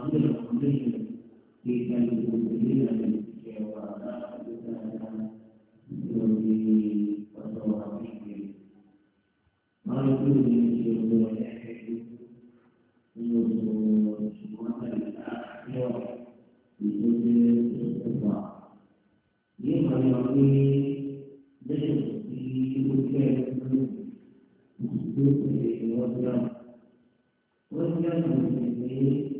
朋友，朋友，今天是不记得你电话了，就在家手机我收不回。朋友，朋友，你有有什么困难，希望你直接说一说。你好，朋友，你的手机不见了，你手机给我不要，我想要你的。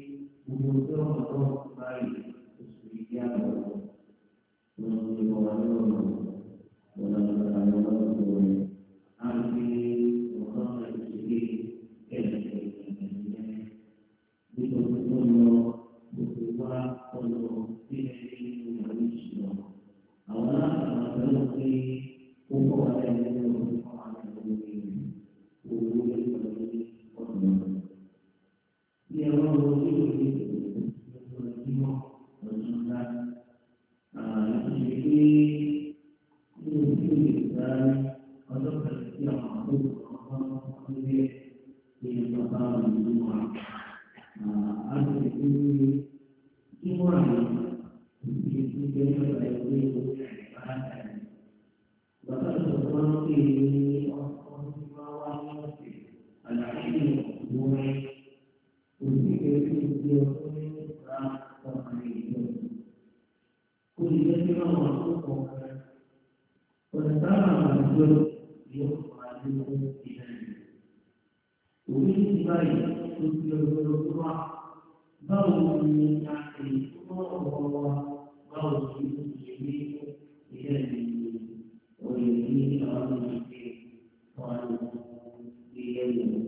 الإنسان وترك الاختيار المعروف والخير في المقام المجموعة أرجو بكل إمرأة في كيف يكون العبادة وترك الظن فيه العلم والخشوع وفي كيف يكون báyìí tó ti ọ̀rọ̀ tó wà báwo ni a lè kọ́ ọ̀rọ̀ wa báwo ni ó ti ní ilé ìlú òye ní àwọn ìdílé wọn ní ilé ìlú.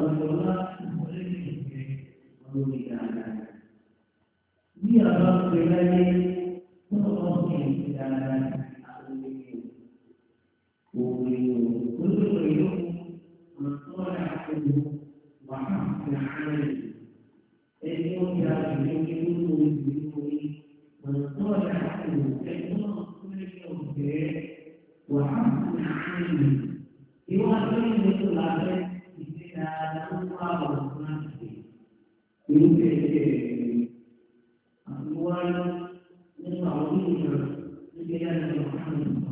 Rasulullah boleh dihidupi mengulikan. Dia akan berlari mengulikan jalan aku ini. Bumi untuk hidup menolak aku waham kehadiran. Ini yang dihidupi menolak aku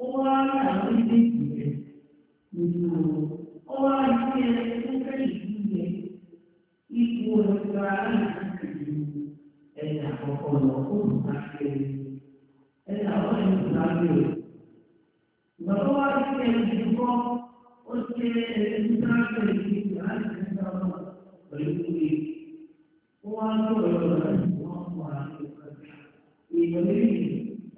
ó wá rí àwọn méjèèjì rẹ̀ nínú ọ̀rọ̀ ó wá rí sí ẹni tó fẹ́ ìlú yẹ ipò ẹ̀ka aláìsí ẹ̀yà àkọ́kọ́ lọ ó ń bá ṣe ẹ̀yà àwọn ẹ̀yìn ìgbà rẹ̀ ìgbà tó wá rí sí ẹni tó kọ́ ó ṣe ẹni tó bá ṣe ìlú aláìsí ẹ̀ka ọ̀nà pẹ̀lú ìwé ó wá ń lọ ọ̀rọ̀ rẹ̀ wọ́n mọ̀ àti ìgbà rẹ̀ ìgbà rẹ̀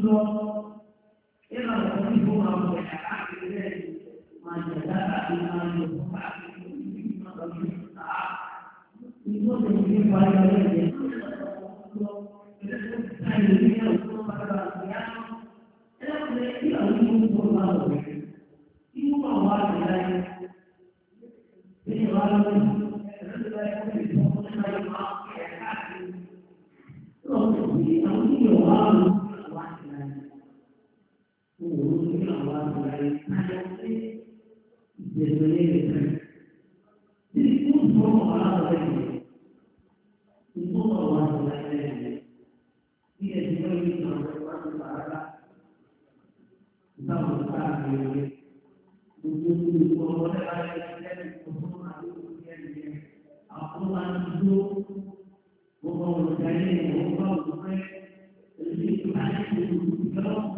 说，领导，你不能给俺单位买，买简单的东西，你不能买啥？你不能去买点点，是说，有的他有经验，我说那个怎样？人家说，领导，你不能买老人，你不能买简单。الله عليه وسلم بالدليل Jadi pun semua orang lagi. Semua orang lagi. Dia juga bisa berbuat Kita berbuat lagi. Untuk orang lain dan untuk aku dan aku langsung menguasai, menguasai, lebih banyak untuk kita.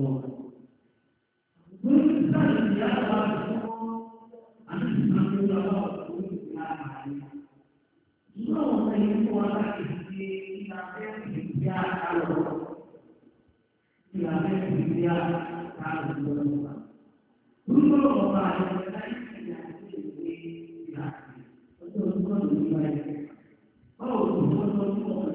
我们在这里啊，说，俺经常就找到我们国家，以后我们国家的一些，一旦被人家打了，一旦被人家打输了，如果我们发现那一天自己的安全，或者如果明白，哦，我们说我们是中国人。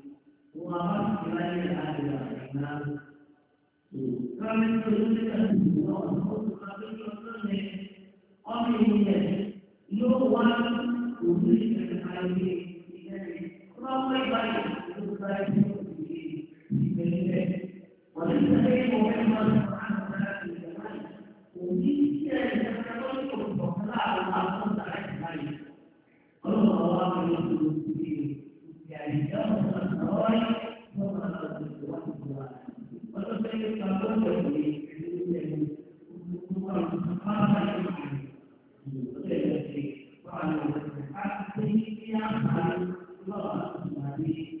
Maaf, kita tidak ada lagi. Kami berjumpa dengan semua orang untuk kami berjumpa dengan orang ini. No one untuk kita kembali ke sini. Kami baik untuk kita kembali ke sini. Kami baik untuk kita kembali ke sini. Kami baik untuk kita kembali ke sini. Kami baik untuk kita kembali ke sini. Kami baik untuk kita kembali ke sini. àti